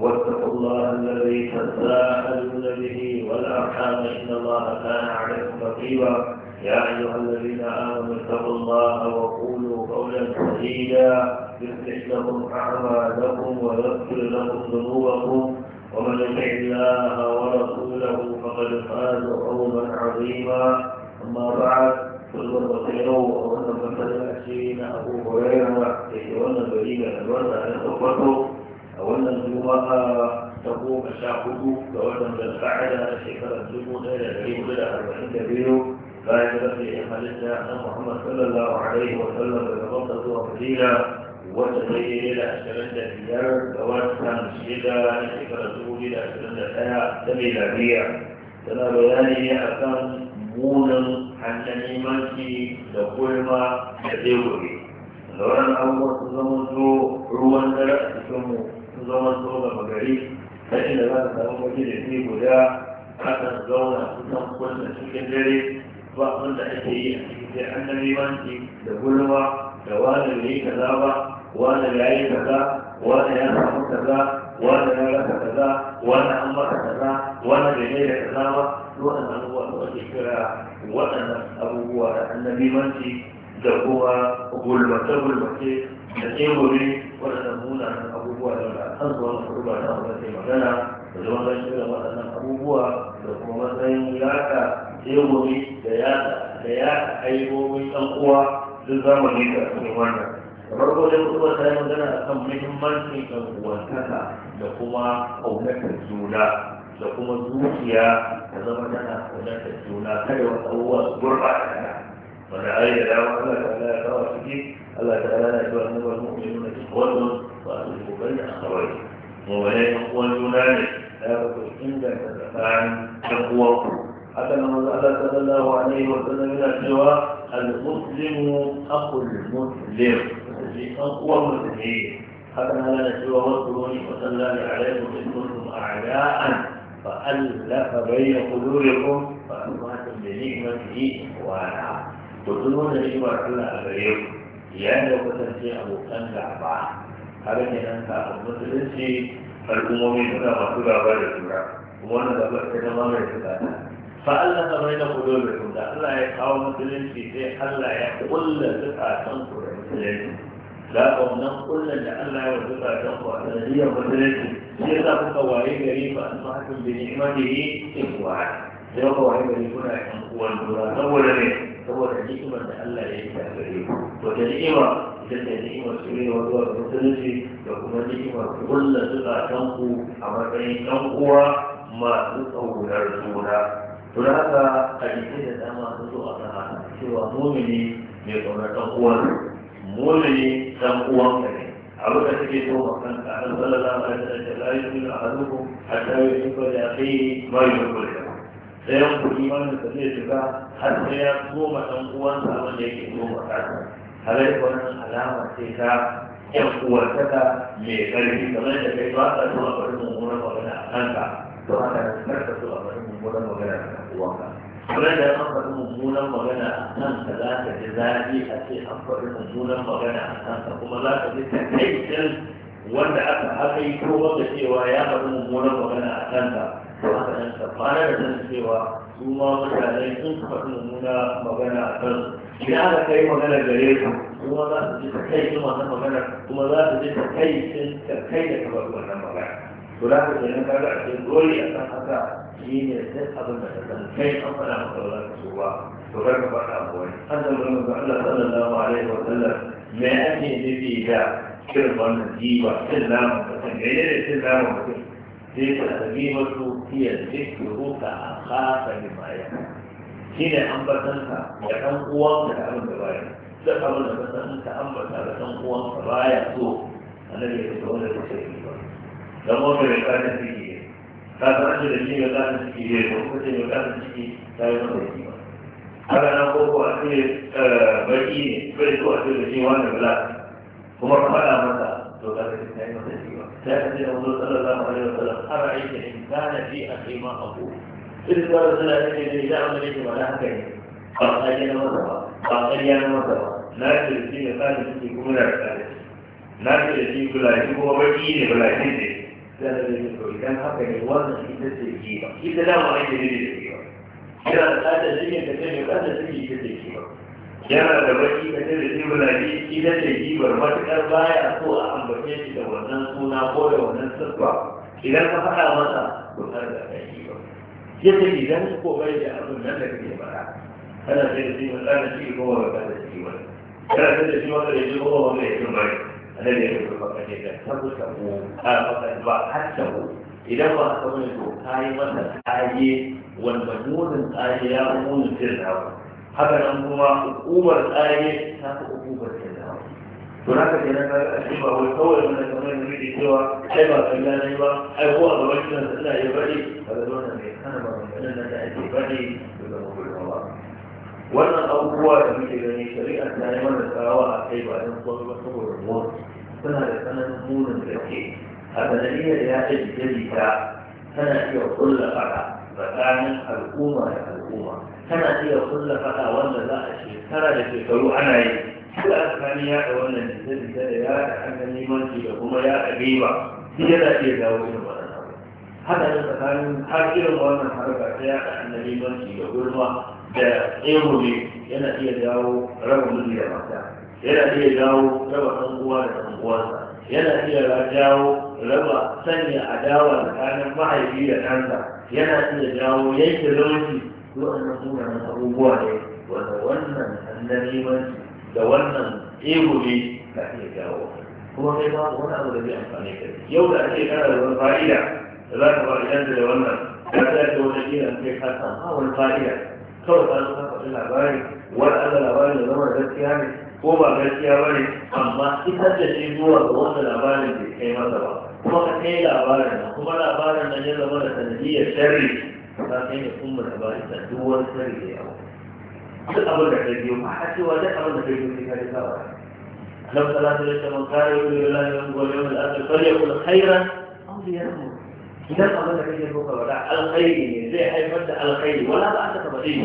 واتقوا الله الذي تساءلون به والارحام ان الله كان عليكم رقيبا يا ايها الذين امنوا اتقوا الله وقولوا قولا سديدا يصلح لكم اعمالكم ويغفر لكم ذنوبكم ومن يطع الله ورسوله فقد فاز قوما عظيما اما بعد சொல்வது பத்திரோ அவன் நம்ம சரி அஸ்வின் அப்போ ஒரே நம்ம செய்யணும் a wannan juma'a ta goma sha hudu ga watan zalfa'ada na shekarar dubu ɗaya da ɗari hudu da arba'in da biyu bayan rafi ya halitta na muhammad sallallahu alaihi wa sallam daga makka zuwa Fadila, wata zai yi da ashirin da biyar ga watan shida na shekarar dubu biyu da ashirin da ɗaya ta miladiya tana bayani ne a kan munan hannun imanci da gulma da zai wuri da wannan abubuwan sun zama tafi da inda za ta samu waje da ke guda akan zauna kusan kullum cikin dare ba abin da ake yi a cikin sai an namimanci da gulma da wani ne kaza ba wani ya yi kaza wani ya samu kaza wani ya rasa kaza wani an masa kaza wani da ne da kaza ba waɗannan abubuwa da ake kira waɗannan abubuwa da manci. da kuma gulmace-gulmace da tsegumi waɗannan munanan abubuwa da da an zuwa na kuɗuba na wanda ke magana da zama zan da waɗannan abubuwa da kuma matsayin yaka tsegumi da yaka da yaka aibomin ɗan uwa duk zamani da cikin wannan da farko dai kuɗuba ta yi magana a kan muhimmancin ɗan uwantaka da kuma ƙaunatar juna da kuma zuciya da zama tana ƙaunatar juna kada wasu abubuwa su gurɓata ودعاية دعوة الله تعالى يقرأ فيه الله تعالى يقول أنه المؤمنون إخوة وأنه بين أخوين وبين أخوان ذلك لا بد إن تتفاعل تقوى حتى لما الله صلى الله عليه وسلم من سوى المسلم أخو المسلم أقوى مسلمين حتى لا نسوى واذكروني وسلم عليكم إن كنتم أعداء فألف بين قلوبكم فأصبحتم بنعمته إخوانا to duk wannan shi ba Allah a gare ku yayin da kasance abokan gaba har ne nan ka musulunci al'ummomi suna masu gaba da jura kuma wannan gaba ta zama mai tsada fa Allah ta bai da ku. da Allah ya kawo musulunci sai Allah ya kulla zukatan ku da musulunci da wannan kullan da Allah ya wa zukatan ku a sanadiyar musulunci shi yasa kuka waye gari ba an mahakam bi ni'matihi ikwa sai kuka waye gari kuna yan uwan jura saboda ne saboda ni'imar da Allah ya yi ta gare ku wata ni'ima ita ce ni'imar su ne zuwa musulunci da kuma ni'imar kulla zukatan ku a matsayin ɗan uwa masu ƙaunar juna to da haka hadisai da dama sun zo a kan haka cewa mumini mai ƙaunar ɗan uwan mumini ɗan uwan ka ne أبدا تجد مكان أحد صلى الله a وسلم لا A أحدكم حتى يحب لأخيه ما يحب له ɗayan kuɗi imanin sa zai shiga har sai ya tsoma ɗan uwansa wanda yake tsoma kansa halar wannan alama ce ta yan uwartaka mai ƙarfi kamar da kai ba ka so a bari mummunan magana a kanka to haka nan kar ka so a bari mummunan magana a kan uwanka kamar da an faɗi mummunan magana a kanka za ka ji zafi a ce an faɗi mummunan magana a kanka kuma za ka ji takaicin wanda aka haka yi ko wanda cewa ya faɗi mummunan magana a kanka kuma fahimta ba na da sun cewa su ma mutane sun kuma sun nuna magana a kan su ya ga kai magana gare ka kuma za su kai sun wannan magana kuma ta kai sun da kamar wannan magana to za ka gani kaga a cikin dole a kan haka shi ne duk abin da ka san kai an faɗa maka ba za su ba to kar ka faɗa ma wani an san wani ga Allah sallallahu alaihi wa sallam me ake nufi da cin wannan jiwa ne cin naman mutum sai iya zikin ruka a kasa ne baya. shi ne ambatanka da kan uwanka da abin da bayan duk abin da ka san ka ambata da kan uwanka baya so a nan yake da wani kusa yi ba don wani mai kasa ciki ne ka san shi da shi mai kasa ciki ne ko kuma shi mai kasa ciki ta yi wani yi ba haka nan koko a cikin eh, baki ne bai zuwa shi da shi wani bala kuma ka faɗa masa to kaga kin kai masa shi ba sai ka ce Allah sallallahu alaihi wasallam ara'aita in kana fi akhima abu idan ka rasula ne da idan amma ne ba da haka ne ba ƙarya na masa ba ba ƙarya na masa ba na ce shi ne kana shi kuma da kare na ce shi kula shi kuma baki ne ba lafi ne da da ne to idan haka ne wannan ita ce giba ita da ma ake ne da giba yana da tsada shi ne da kai ne tsada shi ke ce giba yana da baki ka ce da jibula ji ita ce jibar matuƙar baya so a ambace shi da wannan suna ko da wannan sassa idan ka faɗa masa to har da kai ba ke ce idan ko bai da abin nan da kake fara kana ce da jibula tsara shi ko ba ka da jibula kana ce da jibula da jibula ko ba ka ba a ana ne da kuma ka ce da tabbata ko a faɗa ba hatta ko idan ba ka wani to kayi masa kaye wanda munin kaye ya da wani haka nan kuma hukumar tsare ta fi hukumar kyallawa to na ka kenan ka ashe ba wai kawai wani kamar da muke cewa ai ba kan gane ba ai ko a gaban kiran sa ina ya bari ba ga zo nan mai kana ba maganin nan da ake bari da zama gulmawa wannan abubuwa da muke gani shari'a ta yi mana tsawa a kai ba don kuma ba saboda mu suna da tsananin munin gaske a sanadiyar ya ce jita tana iya kulla fada tsakanin al'umma da hukuma tana iya kulla faɗa wanda za a shekara da shekaru ana yi kula tsakanin yaɗa wannan jita-jita da yaɗa hannun limanci da kuma yaɗa gaiba shi yana iya dawo irin wannan abu haka da tsakanin har irin wannan harka ta yaɗa hannun limanci da gurma da tsegumi yana iya dawo raba miji da mata yana iya dawo raba ɗan uwa da ɗan uwansa yana iya jawo raba sanya adawa tsakanin mahaifi da ɗansa yana iya jawo yanke zumunci waɗannan sunayen abubuwa ne wanda wannan annabimanci da wannan ego ne ka iya jawo kuma sai ba wani abu da zai amfani ka yau da ake kana da wani fa'ida da za ka ba yanzu da wannan ya ta yi wani kira kai ka san wani fa'ida kawai ka zo ka faɗi labari wani Allah labarin da zama gaskiya ne ko ba gaskiya ba ne amma ita da shi zuwa ga wanda labarin bai kai masa ba kuma ka kai labarin kuma labarin nan ya zama da sanadiyar sharri ba kai ne kun mutu ba ita duk wani sani da yawa duk abin da kai biyu har cewa duk abin da kai biyu sai ka rika ba annabi sallallahu alaihi wasallam kare yi da Allah ya gobe mu da aka kare ku khairan aw yamu idan abin da kake so ka wada alkhairi ne zai haifar da alkhairi wala ba aka taba dai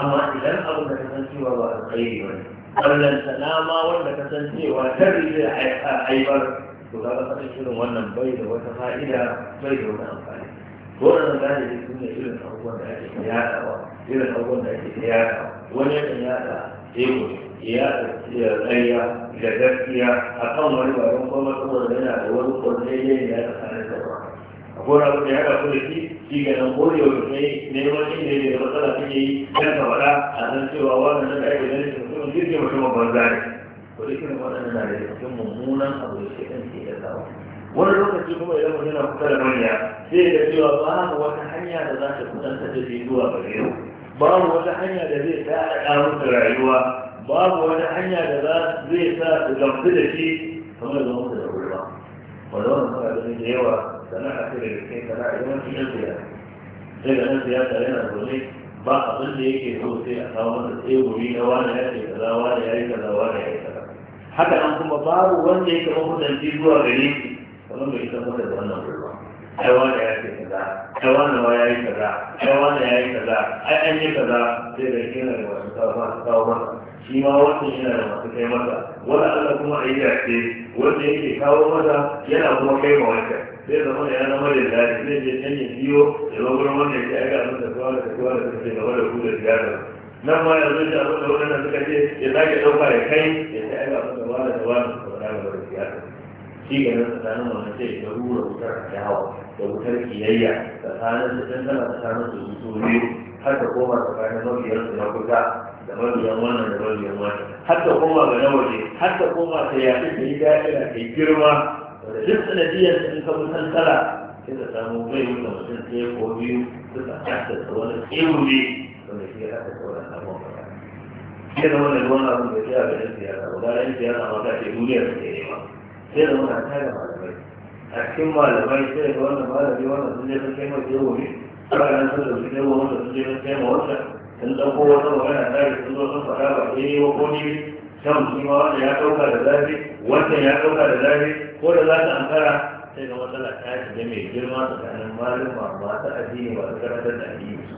amma idan abin da ka san cewa ba alkhairi bane wannan sanama wanda ka san cewa tari zai haifar to ka ga shirin wannan bai da wata fa'ida bai da wani amfani wannan galibi sun ne irin abubuwan da ake ta yaɗawa irin abubuwan da ake ta yaɗawa wani yakan yaɗa ego ya yaɗa tsariya da gaskiya a kan wani baban kuma saboda yana da wani kwarnayyen ya yaɗa tsarin da ba a kora abin ya haɗa ku da shi shi ga nan kore wa kai neman shi ya da matsala ta yi dan ka faɗa a san cewa wannan nan da ake ganin mutumin jirgin mutumin banza ne ko dukkan waɗannan na da cikin mummunan abu da shi kan ke yaɗawa wani lokaci kuma idan mutum yana kusa da manya sai da cewa babu wata hanya da za ta kusanta da shi zuwa gare mu babu wata hanya da zai sa a musu rayuwa babu wata hanya da za zai sa su gamsu da shi kamar da musu da wuri ba wanda wannan suna da da yawa sana'a ce da gaske sana'a yawan cikin siyasa sai ga ɗan siyasa yana zaune ba abin da yake so sai a kawo masa tsegumi na wani ya ce kaza wani ya yi kaza wani ya yi kaza haka nan kuma babu wanda yake mafudanci zuwa gare shi wannan bai tabbatar da wannan gurba ai wani ya ce kaza ai wani ma ya yi kaza ai wani ya yi kaza ai an yi kaza sai da shi da masu kawo masa shi ma wannan yana da masu kai masa wani Allah kuma a yi yace wanda yake kawo masa yana kuma kai ma zai zama ya zama da daji zai je can ya biyo ya zama wanda ya ga abin da kawo da kawo da kawo gaba da kawo da kawo nan ma yanzu da abin da wanda suka ce ya sake ɗauka ya kai ya ta yi abin da wani da wani da wani da wani shi ga nan tsakanin wani sai ga rura wutar yawa da wutar kiyayya tsakanin su can tana tsakanin su su biyu, har ta koma tsakanin mabiyar su na kusa da mabiyan wannan da mabiyan wannan har ta koma ga na waje har ta koma ta yaɗu ta yi daɗi da ta yi girma da duk sanadiyar in ka mutan tsala sai ka samu bai wuce mutum ɗaya ko biyu suka haddasa wani tsiruri wanda shi ya haddasa wani abubuwan ba. Shi ya zama da ruwan abin da ya ga ɗan siyasa, ba ga ɗan siyasa ma ta duniyar da ya sai da muna tare malamai a cikin malamai sai da wannan malami wannan sun je sun kai mai yawo ne nan sun dauki yawo wannan sun je sun kai ma wancan sun ɗauko wata magana tare sun zo sun faɗa ba sai eh, yi wa ko ni shan shi ma wanda ya ɗauka da zafi wancan ya ɗauka da zafi ko da za ta ankara sai da matsala ta shiga mai girma tsakanin malama masu addini masu karatar da addini su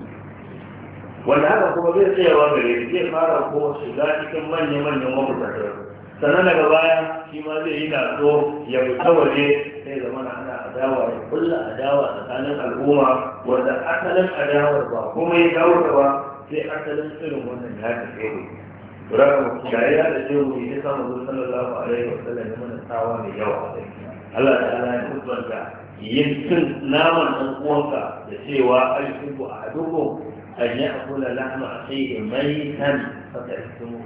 wanda haka kuma zai tsayawa gare shi zai fara ko shiga cikin manya-manyan mabukatar sannan daga baya shi ma zai yi naso ya fita waje sai zama na ana adawa ya kulla adawa tsakanin al'umma wanda asalin adawar ba kuma ya dawo da ba sai asalin irin wannan ya tafi ne Raka shari'a da jiru ya samu zuwa sallallahu alaihi wa sallam mana tsawa mai yawa Allah ta'ala ya mutunta yin cin naman ɗan uwanka da cewa alhubu a hadukum an yi ya'kula lahma akhihi maytan fa ta'tumu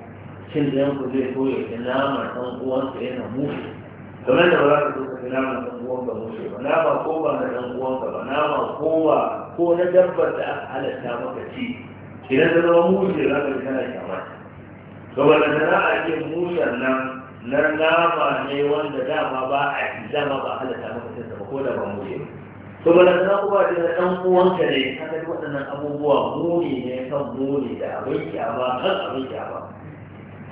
shin ɗayan ku zai so ya fi nama ɗan uwansa yana musu kamar da ba za ka so ka fi nama ɗan uwanka musu ba nama ko ba na ɗan uwanka ba nama ko ba ko na dabbar da aka halatta maka ci idan ta zama musu za ka fi kana kyamata kamar da sana'a ce musan nan na nama ne wanda dama ba a dama ba halatta maka cinsa ba ko da ba muje to ba da sanar ba da dan uwanka ne haka waɗannan abubuwa muni ne kan muni da abin kyama kan abin kyama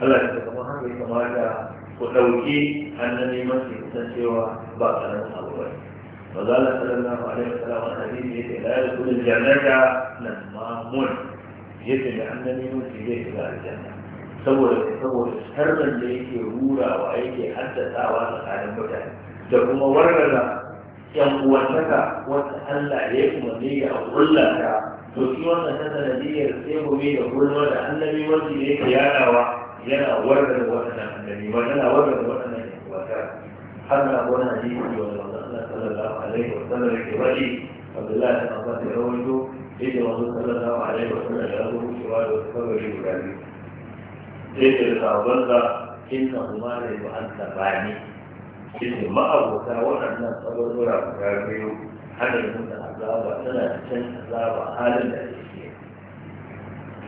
Allah ya zama haka ya kamata ku ɗauki hannun neman su kusan cewa ba ƙaramin abu ba ba za a sallallahu alaihi wasallam a hadisi ya ce la ya kudu jannata nan mamun ya ce da hannun neman su zai shiga aljanna saboda saboda sharrin da yake rurawa yake haddasawa tsakanin mutane da kuma wargaza yan uwantaka wata Allah ya kuma zai ya kullata to shi wannan ta sanadiyar sai gobe da gulma da annabi wanda yake yadawa yana warware waɗannan annabi wa yana warware waɗannan wata har wani hadisi wanda manzo Allah sallallahu alaihi wa sallam yake wadi Abdullahi bin Abbas ya rawaito yake manzo sallallahu alaihi wa sallam ya rawaito cewa da wasu kabari guda biyu sai ke da sabon da inna kuma da yi an tabani yake ma'abota waɗannan tsabarbura guda biyu hannun mutu azaba tana cikin azaba halin da ake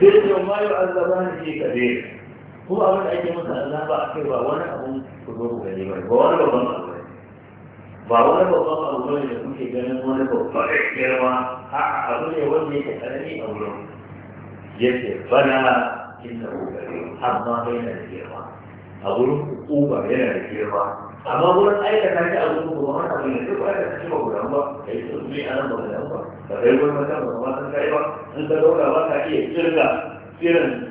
sai ce ma yi azaba ne ke kabiri kuma abin da ake masa azaba a kai ba wani abun kuduru gani ba ba wani babban abu ne ba wani babban abu ne da kuke ganin wani babban girma a abu ne wanda yake karami a wurin yake bana inda kokari amma bai na da girma a wurin hukuma yana da girma amma wurin aikata shi a wurin kuma wani abu ne duk da ta ci ba guda ba ka yi ne a nan ba guda ba Ka kai wani mata ba ma san kai ba in ka dauka ba ka iya kirga irin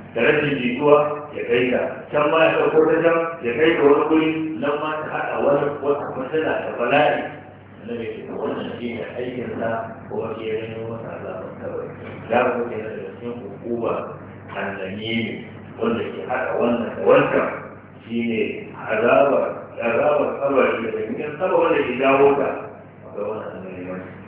da rashin jituwa ya kai ka can ma ya ɗauko ta can ya kai ka wani guri nan ma ta haɗa wani wata matsala da bala'i na da shi wannan shi ne aikin sa ko wani ya yi wata alamar kawai ya ku na da cikin hukuma annani wanda ke haɗa wannan da wancan shi ne azabar azabar kawai da cikin kawai wanda ke dawo ta akwai wannan annani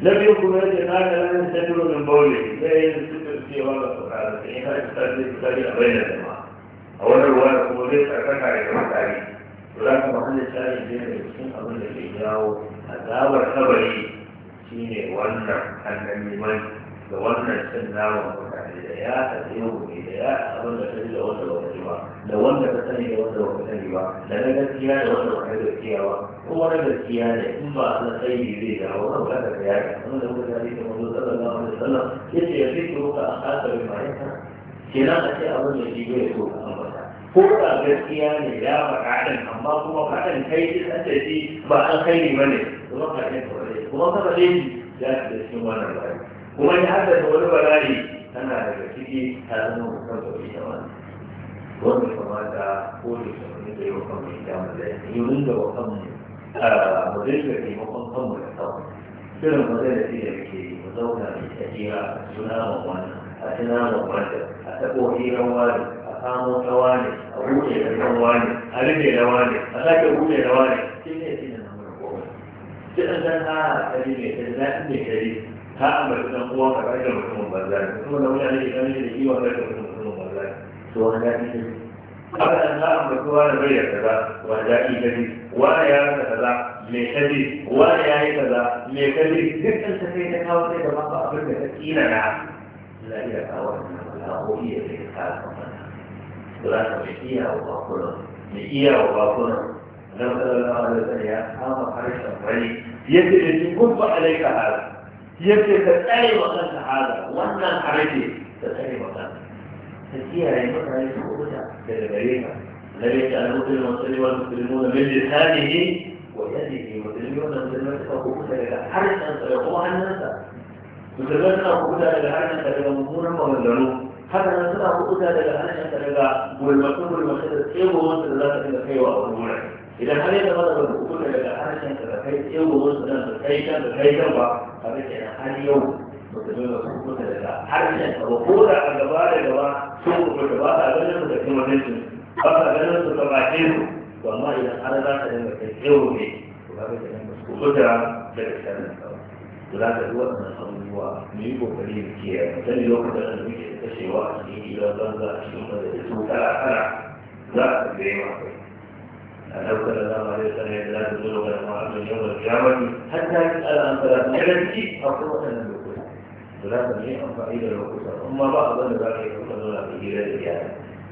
na biyu kuma yake na ga nan ta duro nan baule sai ya suka cewa ga tsara da ya kai ta ce ta yi abin da kuma a wannan ruwa da kuma zai ka da kuma tsari to za ka mahalla tsari ne da cikin abin da ke jawo azabar kabari shine wannan annabi mai da wannan cin naman mutane da ya tafi yau ne da ya abin da sani da wanda ba sani ba da wanda ka sani da wanda ba sani ba da na gaskiya da wanda ba na gaskiya ba ko na gaskiya ne in ba na sai zai dawo kan kada ka yaki kuma da mutane da manzo sallallahu alaihi wasallam yace ya fito ka a kasar mai kenan a ce abin da shi bai so ka ambata ko da gaskiya ne ya faɗa ɗin amma kuma faɗin kai shi an ce shi ba an kai ne ba ne kuma faɗin kuma ka faɗe shi ya shiga cikin wannan bayani kuma ya haddasa wani bala'i tana daga ciki ta zama mutum da ita wani wanda kamata ko da shi da yau kan mai damar da yi mun da wa kan mu zai ga taimakon kan mu da kawo shirin mazai da ke da muke yi mu zauna mai tafiya a suna ma wani a suna ma wani a taɓo hiran wani a samo rawa ne a buɗe rawan wani a rufe da ne a sake buɗe da ne shi ne shi ne na mura kowa shi an san a kari mai kari na inda kari ka ambaci dan uwa ka kai da mutumin banza ne kuma da mutane ke ganin da kiwon kai da mutumin banza ne to wani daɗi ne haka an ka ambaci wani bai da kaza wani daɗi ne wani ya rasa kaza me kaje wani ya yi kaza me kaje duk an ta kai ta kawo kai da ma ba abin da ta kila na la ila kawo na wala ko iya kai ka kawo mana to za ka mai iya wa bakunan mai iya wa bakunan nan sallallahu alaihi wasallam ya kama harshen rai yace da kun ba alaika hada yake ka tsare wa kanka hada wannan harake ka tsare wa kanka ta kiyaye mutane su kubuta المسلم والمسلم والمسلمون من لسانه ويده مسلمين والمسلمات فقوموا لك حرس أن سيقوم عن نفسه مسلمات فقوموا لك حرس أن سيقومون ومزلون حتى أن سيقوموا لك حرس أن سيقوم والمكتوب والمخدر سيقوموا سلالة الخيوة والمولى إذا حريت هذا الوقوف لك حرس أن سيقوم سلالة الخيوة والمولى kaga kenan har yau ba su zo su kuta daga harshen ka ba ko da a gaba da gaba sun kuta ba sa ganin su da kuma ganin ba sa ganin su ka bace su to amma idan har za ka dinga kai yau ne to kaga kenan ba su kuta daga sharrin ka ba to za ka yi waɗannan abubuwa mu yi kokari mu kiyaye misali lokacin da muke kashewa a cikin gidan banza a cikin da su kala kala za ka ga yawa a ɗaukar da zama zai sanar القيامة حتى يسأل عن ثلاثة أو قوة الوقوف ثلاثة هي أنفعيل الوقوف أما بعض ذلك يقولون في لا إجابة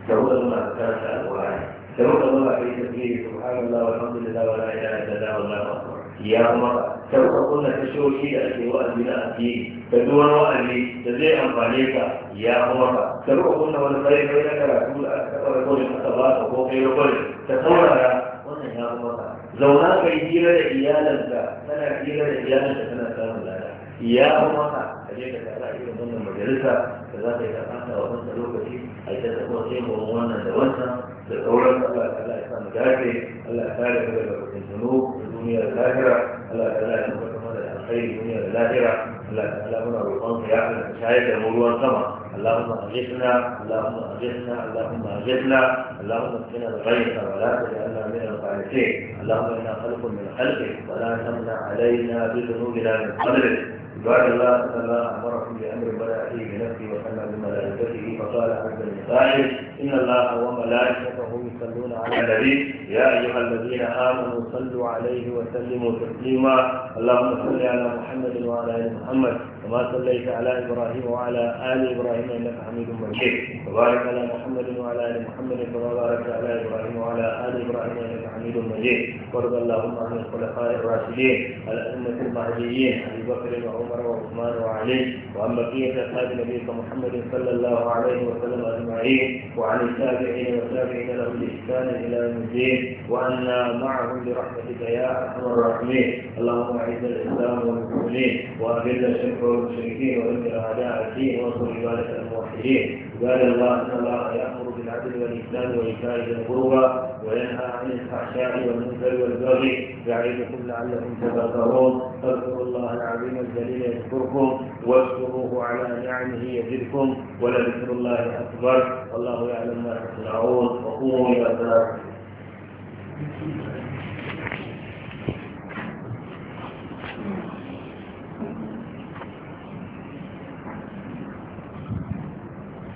سواء ما كانت أنواعه سواء ما في تسبيح سبحان الله والحمد لله ولا إله إلا الله والله أكبر يا مرة سواء قلنا تشوي شيء أشي وأبناء فيه تدور وأبي تزيع أنفعليك يا مرة سواء قلنا والفريق بينك لا تقول أكثر ويقول الخطبات وفوق ويقول تصور wannan ya fi maka zauna ka yi hira da iyalanka tana hira da iyalanka kana samun lada ya fi maka ka je ka tara irin wannan majalisa da za ka yi karɓanta a wannan lokaci a yi ta taɓa sai mu wannan da wannan da sauran Allah ta Allah ya samu dace Allah ta kare mu daga fitintunu da duniya da lahira Allah ta Allah ya muka kama da alkhairi duniya da lahira Allah ta Allah muna roƙon ka ya Allah ka shayar da mu ruwan sama اللهم أغثنا اللهم أغثنا اللهم أغثنا اللهم اكفنا بغيرك ولا تجعلنا من القانتين اللهم إنا خلق من خلقك ولا تمنع علينا بذنوبنا من قبلك دعا الله أن الله أمركم بأمر بدا بنفسه وسلم بملائكته فقال عبد المصاحب إن الله وملائكته يصلون على النبي يا أيها الذين آمنوا صلوا عليه وسلموا تسليما اللهم صل على محمد وعلى آل محمد وما صليت على إبراهيم وعلى آل إبراهيم إنك حميد مجيد وبارك على محمد وعلى آل محمد كما باركت على إبراهيم وعلى آل إبراهيم إنك حميد مجيد وارض اللهم عن الخلفاء الراشدين الأئمة المهديين أبي بكر وعمر جعفر وعثمان وعلي وعن بقية أصحاب النبي محمد صلى الله عليه وسلم أجمعين وعن التابعين والتابعين له بإحسان إلى يوم الدين وأنا معهم برحمتك يا أرحم الراحمين اللهم أعز الإسلام والمسلمين وأذل الشرك والمشركين وأذل أعداء الدين وانصر عبادة الموحدين عباد الله ان الله يامر بالعدل والاحسان وايتاء ذي القربى وينهى عن الفحشاء والمنكر والبغي يعظكم لعلكم تذكرون فاذكروا الله العظيم الجليل يذكركم واشكروه على نعمه يزدكم ولذكر الله اكبر والله يعلم ما تصنعون وقوموا الى الصلاه